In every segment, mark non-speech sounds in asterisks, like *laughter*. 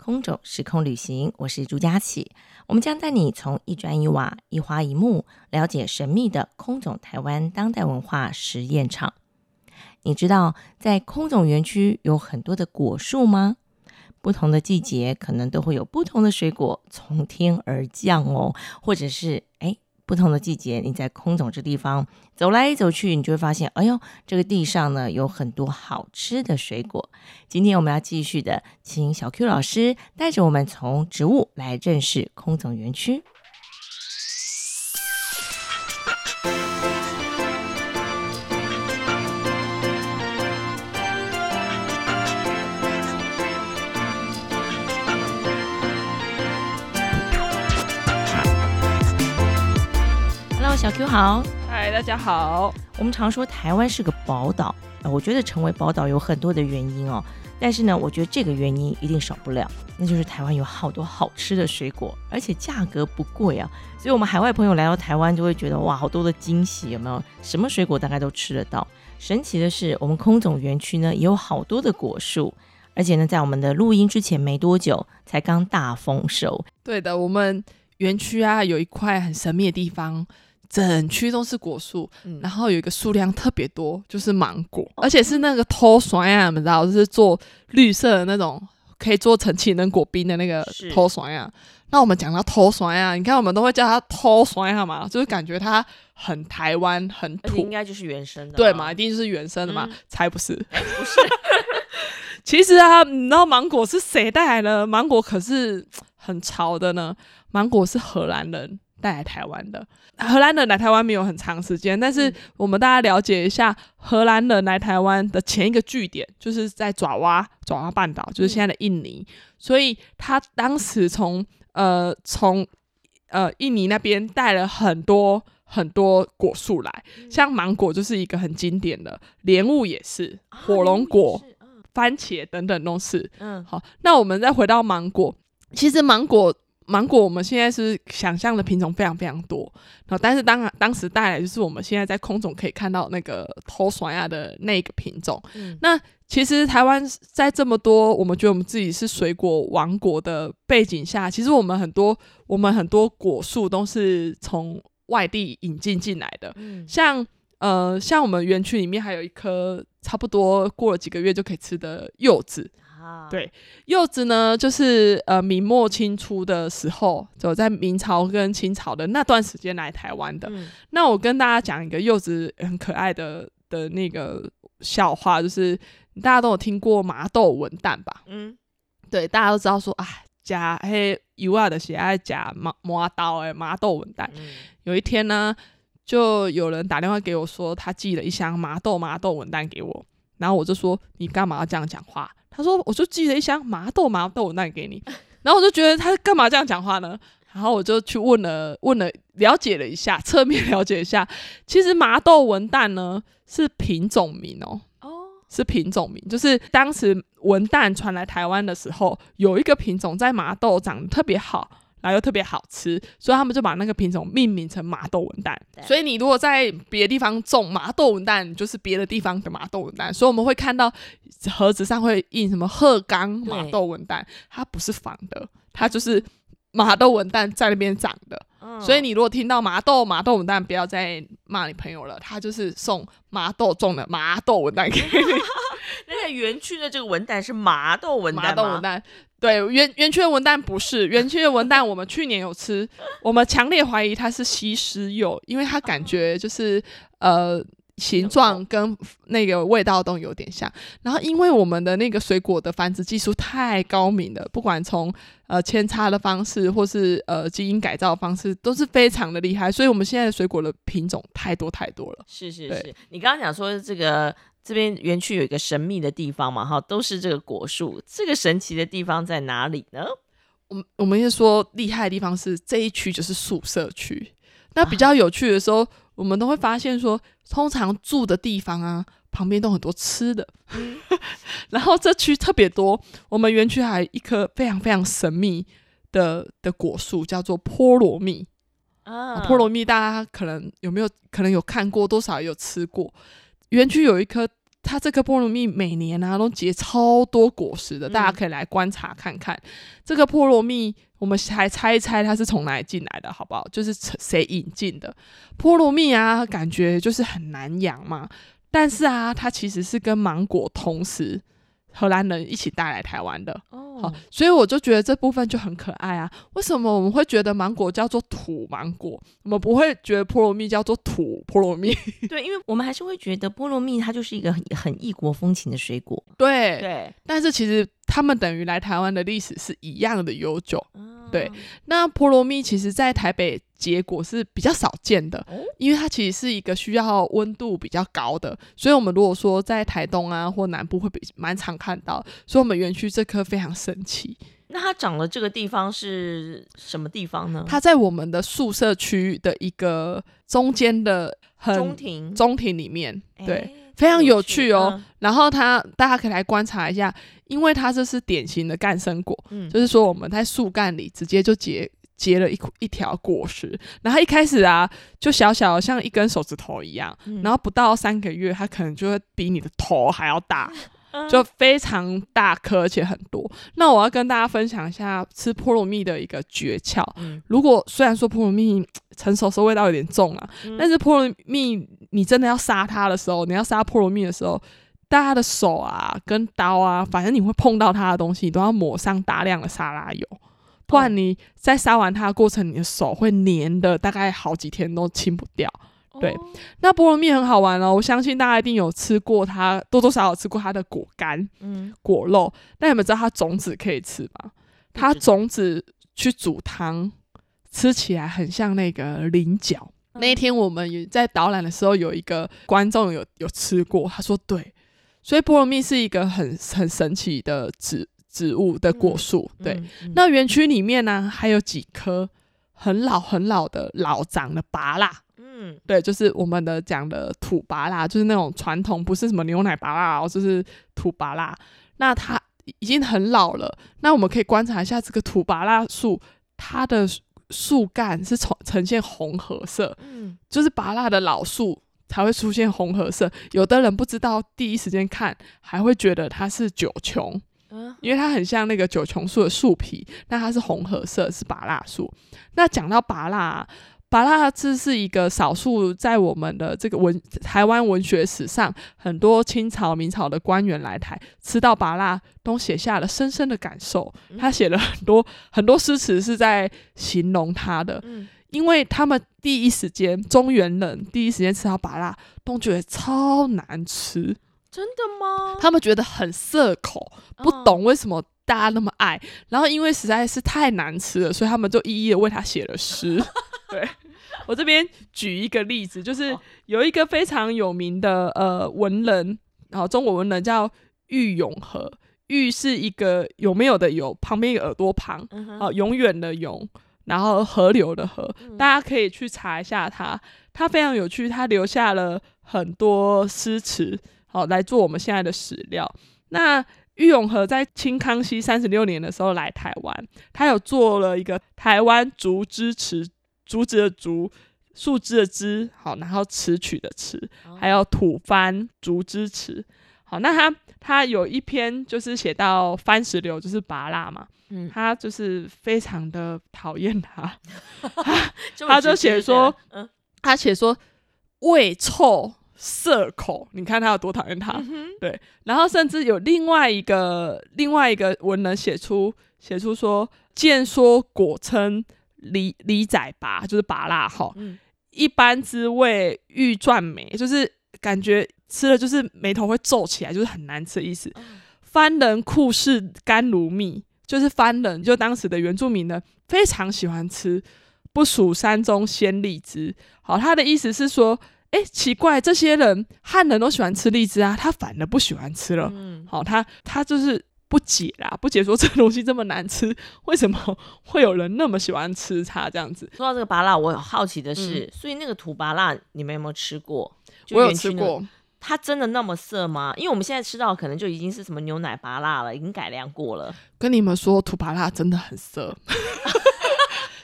空總時空旅行，我是朱佳琪。我們將帶你從一磚一瓦、一花一木，了解神祕的空總臺灣當代文化實驗場。你知道在空總園區有很多的果樹嗎？不同的季節可能都會有不同的水果從天而降哦，或者是誒。不同的季節，你在空總這地方走來走去，你就會發現，哎呦，這個地上呢有很多好吃的水果。今天我們要繼續的，請小 Q 老師帶着我們從植物來認識空總園區。Q 好，嗨，大家好。我們常說台灣是個寶島，呃，我覺得成為寶島有很多的原因哦。但是呢，我覺得這個原因一定少不了，那就是台灣有好多好吃的水果，而且價格不貴啊。所以，我們海外朋友來到台灣就會覺得哇，好多的驚喜，有沒有？什麼水果大概都吃得到。神奇的是，我們空總園區呢也有好多的果樹，而且呢，在我們的錄音之前沒多久，才剛大豐收。對的，我們園區啊有一塊很神秘的地方。整區都是果樹，嗯、然後有一個數量特別多，就是芒果，而且是那個偷酸呀、啊，你知道，就是做綠色的那種，可以做成情人果冰的那個偷酸啊是那我們講到偷酸啊，你看我們都會叫它偷酸，好嗎？就是感覺它很台灣，很土，應該就是原生的、啊，對嘛？一定就是原生的嘛？嗯、才不是， *laughs* 不是。 *laughs* *laughs* 其實啊，你知道芒果是誰帶來的？芒果可是很潮的呢。芒果是荷蘭人。帶來台灣的荷蘭人來台灣沒有很長時間，但是我們大家了解一下，荷蘭人來台灣的前一個據點就是在爪哇，爪哇半島就是現在的印尼，嗯、所以他當時從呃從呃印尼那邊帶了很多很多果樹來，嗯、像芒果就是一個很經典的，蓮霧也是，火龍果、啊嗯、番茄等等都是。嗯，好，那我們再回到芒果，其實芒果。芒果我們現在是想象的品種非常非常多，然後，但是當當時帶來就是我們現在在空中可以看到那個偷爽亞的那個品種。嗯、那其實台灣在這麼多，我們覺得我們自己是水果王國的背景下，其實我們很多我們很多果樹都是從外地引進進來的。嗯、像呃，像我們園區裡面還有一棵差不多過了幾個月就可以吃的柚子。啊、對，柚子呢，就是呃，明末清初的時候，走在明朝跟清朝的那段時間來台灣的。嗯、那我跟大家講一個柚子很可愛的的那個笑話，就是大家都有聽過麻豆文旦吧？嗯，對，大家都知道說啊，假黑有啊的寫愛假麻麻刀哎，麻豆文旦。嗯、有一天呢，就有人打電話給我說，他寄了一箱麻豆麻豆文旦給我，然後我就說，你幹嘛要這樣講話？他說：“我就寄了一箱麻豆麻豆文旦給你。”然後我就覺得他幹嘛這樣講話呢？然後我就去問了問了，了解了一下，側面了解一下。其實麻豆文旦呢是品種名喔，哦，哦，是品種名，就是當時文旦傳來台灣的時候，有一個品種在麻豆長得特別好。然後又特別好吃，所以他們就把那個品種命名成麻豆文旦。所以你如果在別的地方種麻豆文旦，就是別的地方的麻豆文旦。所以我們會看到盒子上會印什麼鶴岡麻豆文旦，它不是仿的，它就是麻豆文旦在那邊長的。所以你如果聽到麻豆麻豆文旦，不要再罵你朋友了，它就是送麻豆種的麻豆文旦給你。那在園區的這個文旦是麻豆文旦嗎？對，園園區的文旦不是園區的文旦，我們去年有吃， *laughs* 我們強烈懷疑它是西施柚，因為它感覺就是呃。形狀跟那個味道都有點像，然後因為我們的那個水果的繁殖技術太高明了，不管從呃扦插的方式，或是呃基因改造的方式，都是非常的厲害，所以我們現在的水果的品種太多太多了。是是是，對你剛剛講說這個這邊園區有一個神秘的地方嘛，哈，都是這個果樹，這個神奇的地方在哪裡呢？我我們要說厲害的地方是這一區就是宿舍區，那比較有趣的時候。啊我們都會發現說，通常住的地方啊，旁邊都很多吃的， *laughs* 然後這區特別多。我們園區還有一棵非常非常神秘的的果樹，叫做菠蘿蜜、oh. 啊。菠蘿蜜大家可能有沒有可能有看過，多少有吃過？園區有一棵，它這棵菠蘿蜜每年啊都結超多果實的，大家可以來觀察看看、嗯、這個菠蘿蜜。我們還猜一猜它是從哪裡進來的，好不好？就是誰引進的？菠蘿蜜啊，感覺就是很難養嘛。但是啊，它其實是跟芒果同時。荷蘭人一起帶來台灣的，oh. 好，所以我就覺得這部分就很可愛啊。為什麼我們會覺得芒果叫做土芒果，我們不會覺得菠蘿蜜叫做土菠蘿蜜？對，因為我們還是會覺得菠蘿蜜它就是一個很很異國風情的水果。對對，對但是其實他們等於來台灣的歷史是一樣的悠久。Oh. 對，那菠蘿蜜其實在台北。結果是比較少見的，因為它其實是一個需要溫度比較高的，所以我們如果說在台東啊或南部會比蠻常看到，所以我們園區這棵非常神奇。那它長的這個地方是什麼地方呢？它在我們的宿舍區的一個中間的中庭中庭裡面，庭對，誒非常有趣哦。誒然後它大家可以來觀察一下，因為它這是典型的幹生果，嗯，就是說我們在樹幹裡直接就結。結了一一條果實，然後一開始啊，就小小的像一根手指頭一樣，嗯、然後不到三個月，它可能就會比你的頭還要大，嗯、就非常大顆，而且很多。那我要跟大家分享一下吃菠蘿蜜的一個訣竅。嗯、如果雖然說菠蘿蜜成熟的時候味道有點重啊，嗯、但是菠蘿蜜你真的要殺它的時候，你要殺菠蘿蜜的時候，大家的手啊跟刀啊，反正你會碰到它的東西，你都要抹上大量的沙拉油。不然你在殺完它的過程，你的手會黏的，大概好幾天都清不掉。Oh. 對，那菠蘿蜜很好玩哦，我相信大家一定有吃過它，多多少少有吃過它的果乾、嗯、果肉。那你們知道它種子可以吃嗎？它種子去煮湯，吃起來很像那個菱角。Oh. 那天我們在導覽的時候，有一個觀眾有有吃過，他說對，所以菠蘿蜜是一個很很神奇的植植物的果樹，對，那園區裡面呢還有幾棵很老很老的老長的芭樂，嗯，對，就是我們的講的土芭樂，就是那種傳統，不是什麼牛奶芭樂哦，就是土芭樂。那它已經很老了，那我們可以觀察一下這個土芭樂樹，它的樹幹是呈呈現紅褐色，嗯，就是芭樂的老樹才會出現紅褐色。有的人不知道，第一時間看還會覺得它是九芎。因為它很像那個九芎樹的樹皮，但它是紅褐色，是芭樂樹。那講到芭樂啊，芭樂這是一個少數在我們的這個文台灣文學史上，很多清朝、明朝的官員來台吃到芭樂，都寫下了深深的感受。他寫了很多很多詩詞，是在形容他的。因為他們第一時間中原人第一時間吃到芭樂，都覺得超難吃。真的嗎？他們覺得很澀口，不懂為什麼大家那麼愛。Oh. 然後因為實在是太難吃了，所以他們就一一的為他寫了詩。 *laughs* 對，我這邊舉一個例子，就是有一個非常有名的呃文人，然後、喔、中國文人叫郁永河，郁是一個有沒有的有，旁邊一個耳朵旁，uh huh. 喔、永遠的永，然後河流的河，嗯、大家可以去查一下他。他非常有趣，他留下了很多詩詞。好，來做我們現在的史料。那郁永河在清康熙三十六年的時候來台灣，他有做了一個台灣竹枝詞，竹子的竹，樹枝的枝，好，然後詞曲的詞，還有土番竹枝詞。好，那他他有一篇就是寫到番石榴就是芭樂嘛，嗯、他就是非常的討厭他， *laughs* 他，他就寫說，他寫說味臭。澀口，你看他有多討厭他。嗯、哼對，然後甚至有另外一個另外一個文人寫出寫出說：“見說果稱梨梨仔茇，就是芭樂齁。嗯、一般滋味欲鑽眉，就是感覺吃了就是眉頭會皺起來，就是很難吃的意思。番、嗯、人酷嗜甘如蜜，就是番人就當時的原住民呢非常喜歡吃，不數山中鮮荔枝。好，他的意思是說。”哎、欸，奇怪，這些人漢人都喜歡吃荔枝啊，他反而不喜歡吃了。嗯，好、哦，他他就是不解啦，不解說這個東西這麼難吃，為什麼會有人那麼喜歡吃它這樣子？說到這個芭樂，我很好奇的是，嗯、所以那個土芭樂你們有沒有吃過？我有吃過，它真的那麼澀嗎？因為我們現在吃到可能就已經是什麼牛奶芭樂了，已經改良過了。跟你們說，土芭樂真的很澀。 *laughs*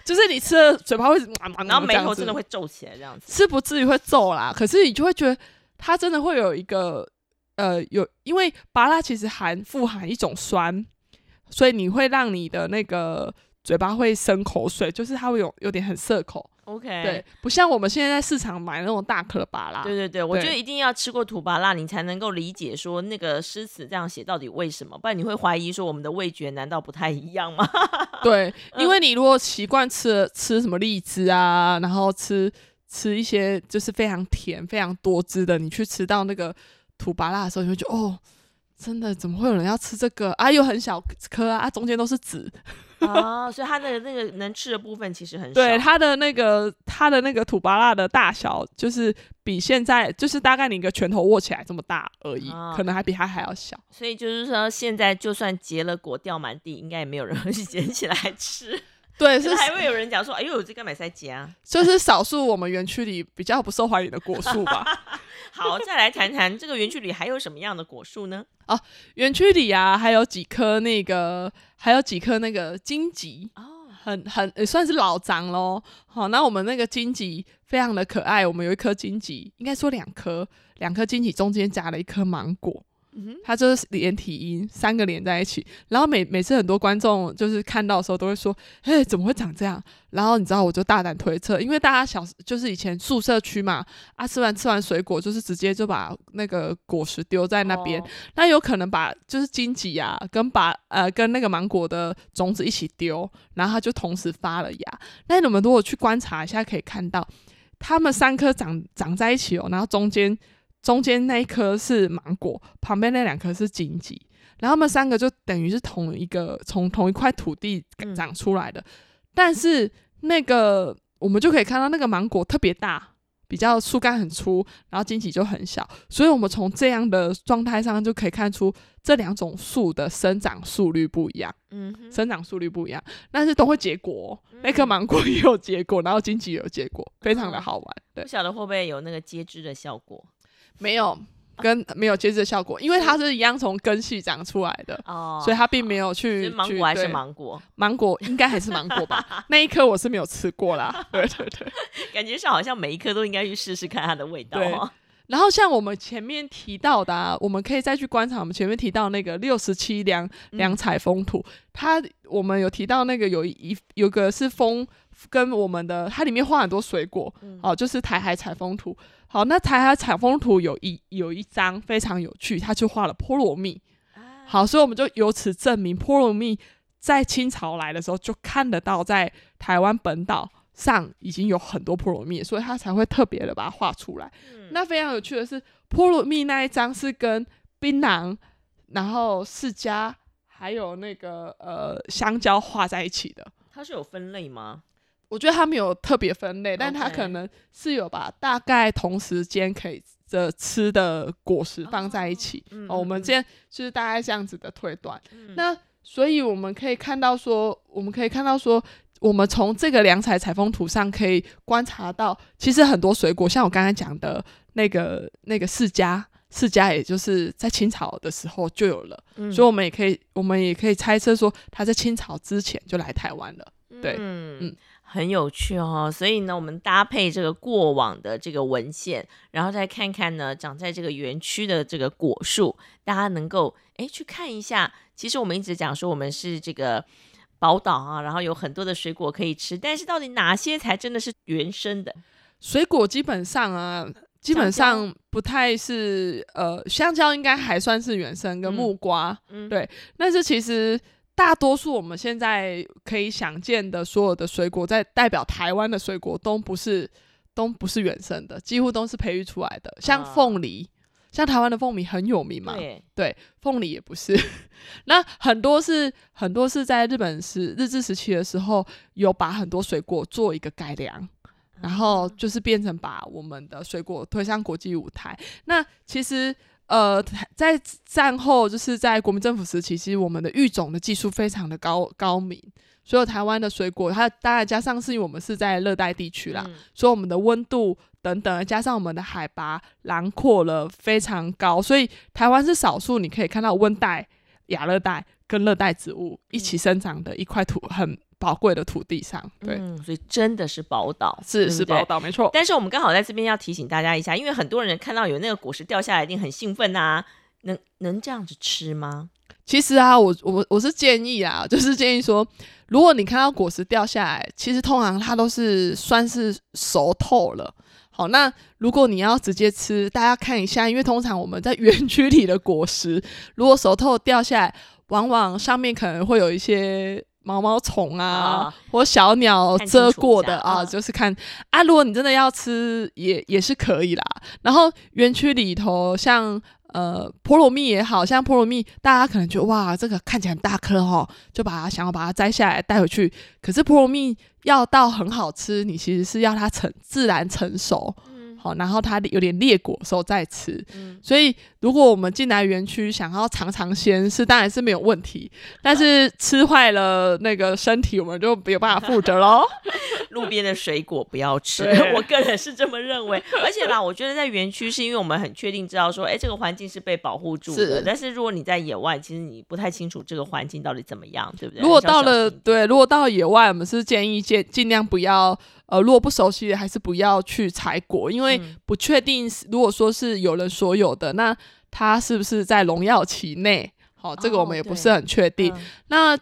就是你吃了嘴巴會麻麻，然後眉頭真的會皺起來這樣子，是不至於會皺啦，可是你就會覺得它真的會有一個，呃，有因為芭樂其實含富含一種酸，所以你會讓你的那個嘴巴會生口水，就是它會有有點很澀口。OK，對，不像我們現在在市場買那種大顆芭樂，對對對，對我覺得一定要吃過土芭樂，你才能夠理解說那個詩詞這樣寫到底為什麼，不然你會懷疑說我們的味覺難道不太一樣嗎？ *laughs* 對，因為你如果習慣吃了吃什麼荔枝啊，然後吃吃一些就是非常甜、非常多汁的，你去吃到那個土芭樂的時候，你就會覺得哦，真的怎麼會有人要吃這個？啊，又很小顆啊，啊，中間都是籽。哦、 *laughs* 啊，所以它的、那個、那個能吃的部分其實很少。對，它的那個它的那個土芭樂的大小，就是比現在就是大概你一個拳頭握起來這麼大而已，啊、可能還比它還要小。所以就是說，現在就算結了果掉滿地，應該也沒有人會去撿起來吃。 *laughs* 對，是還會有人講說，哎呦，我這個買塞吉啊，這是少數我們園區裡比較不受歡迎的果樹吧。 *laughs* 好，再來談談這個園區裡還有什麼樣的果樹呢？哦 *laughs* 、啊，園區裡啊，還有幾棵那個，還有幾棵那個荊棘哦，很很、欸、算是老長咯好、啊，那我們那個荊棘非常的可愛，我們有一棵荊棘，應該說兩棵兩棵荊棘中間夾了一棵芒果。它就是連體嬰，三個連在一起。然後每每次很多觀眾就是看到的時候都會說：“嘿，怎麼會長這樣？”然後你知道，我就大膽推測，因為大家小就是以前宿舍區嘛，啊吃完吃完水果就是直接就把那個果實丟在那邊，哦、那有可能把就是荊棘啊，跟把呃跟那個芒果的種子一起丟，然後它就同時發了芽。那你們如果去觀察一下，可以看到它們三顆長長在一起哦、喔，然後中間。中間那一棵是芒果，旁邊那兩棵是荊棘，然後他們三個就等於是同一個從同一塊土地長出來的，嗯、但是那個我們就可以看到那個芒果特別大，比較樹幹很粗，然後荊棘就很小，所以我們從這樣的狀態上就可以看出這兩種樹的生長速率不一樣，嗯哼，生長速率不一樣，但是都會結果，那棵芒果也有結果，然後荊棘也有結果，非常的好玩。嗯、哼對不曉得會不會有那個接枝的效果。沒有跟沒有接着效果，因為它是一樣從根系長出來的，哦、所以它並沒有去芒果還是芒果，芒果應該還是芒果吧？ *laughs* 那一顆我是沒有吃過啦，對對對， *laughs* 感覺是好像每一顆都應該去試試看它的味道、哦。然後像我們前面提到的、啊，我們可以再去觀察我們前面提到那個六十七兩兩彩風土，嗯、它我們有提到那個有一有一個是風。跟我們的，它裡面畫很多水果，嗯、哦，就是台海采風圖。好，那台海采風圖有一有一張非常有趣，他就畫了菠蘿蜜。啊、好，所以我們就由此證明，菠蘿蜜在清朝來的時候就看得到，在台灣本島上已經有很多菠蘿蜜，所以他才會特別的把它畫出來。嗯、那非常有趣的是，菠蘿蜜那一張是跟檳榔、然後釋迦還有那個呃香蕉畫在一起的。它是有分類嗎？我覺得他沒有特別分類，但他可能是有把大概同時間可以的吃的果實放在一起。Okay. 哦，我們今天就是大概這樣子的推斷。嗯嗯嗯，那所以我們可以看到說，我們可以看到說，我們從這個梁彩采風圖上可以觀察到，其實很多水果，像我剛才講的那個那個釋迦，釋迦也就是在清朝的時候就有了。嗯、所以，我們也可以，我們也可以猜測說，他在清朝之前就來台灣了。對，嗯。嗯很有趣哦，所以呢，我們搭配這個過往的這個文獻，然後再看看呢，長在這個園區的這個果樹，大家能夠誒、欸、去看一下。其實我們一直講說，我們是這個寶島啊，然後有很多的水果可以吃，但是到底哪些才真的是原生的水果？基本上啊，基本上不太是呃，香蕉應該還算是原生，跟木瓜，嗯嗯、對，但是其實。大多數我們現在可以想見的所有的水果，在代表台灣的水果，都不是，都不是原生的，幾乎都是培育出來的。像鳳梨，像台灣的鳳梨很有名嘛，對，鳳梨也不是。 *laughs* 那很多是很多是在日本是日治時期的時候，有把很多水果做一個改良，嗯、然後就是變成把我們的水果推上國際舞台。那其實。呃，在戰後，就是在國民政府時期，其實我們的育種的技術非常的高高明。所以有台灣的水果，它當然加上是因為我們是在熱帶地區啦，嗯、所以我們的溫度等等，加上我們的海拔囊括了非常高，所以台灣是少數你可以看到溫帶，亞熱帶跟熱帶植物一起生長的一塊土，很寶貴的土地上，對，嗯，所以真的是寶島，是對對是寶島，沒錯。但是我們剛好在這邊要提醒大家一下，因為很多人看到有那個果實掉下來，一定很興奮吶，啊，能能這樣子吃嗎？其實啊，我我我是建議啊，就是建議說，如果你看到果實掉下來，其實通常它都是算是熟透了。好，那如果你要直接吃，大家看一下，因為通常我們在園區裡的果實，如果熟透掉下來，往往上面可能會有一些毛毛蟲啊，啊或小鳥遮過的啊，就是看啊。如果你真的要吃，也也是可以啦。然後園區裡頭像。呃，菠蘿蜜也好像菠蘿蜜，大家可能覺得哇，這個看起來很大顆哦就把它想要把它摘下來帶回去。可是菠蘿蜜要到很好吃，你其實是要它成自然成熟。然後它有點裂果的時候再吃。嗯、所以，如果我們進來園區想要嘗嘗鮮吃，當然是沒有問題。但是吃壞了那個身體，我們就沒有辦法負責嘍。嗯、 *laughs* 路邊的水果不要吃，對我個人是這麼認為。而且啦，我覺得在園區是因為我們很確定知道說，哎，這個環境是被保護住的。是但是如果你在野外，其實你不太清楚這個環境到底怎麼樣，對不對？如果到了對，如果到了野外，我們是建議盡盡量不要。呃，如果不熟悉，還是不要去採果，因為不確定。如果說是有人所有的，嗯、那他是不是在農藥期內？好、哦，這個我們也不是很確定。哦嗯、那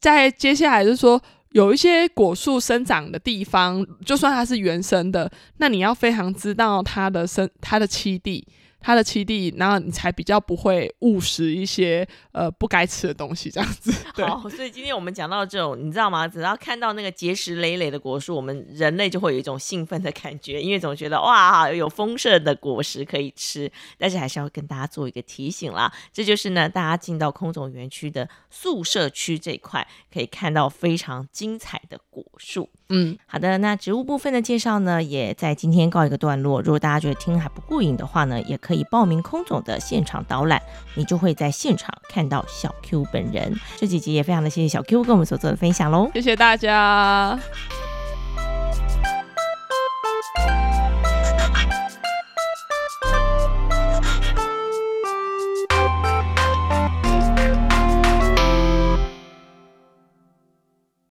在接下來，就是說有一些果樹生長的地方，就算它是原生的，那你要非常知道它的生它的棲地。他的棲地，然後你才比較不會誤食一些呃不該吃的東西，這樣子。好，所以今天我們講到這種，你知道嗎？只要看到那個結實纍纍的果樹，我們人類就會有一種興奮的感覺，因為總覺得哇，有豐盛的果實可以吃。但是還是要跟大家做一個提醒啦，這就是呢，大家進到空總園區的宿舍區這一塊，可以看到非常精彩的果樹。嗯，好的，那植物部分的介紹呢，也在今天告一個段落。如果大家覺得聽還不過癮的話呢，也可以。以報名空總的現場導覽，你就會在現場看到小 Q 本人。這幾集也非常的謝謝小 Q 跟我們所做的分享嘍，謝謝大家。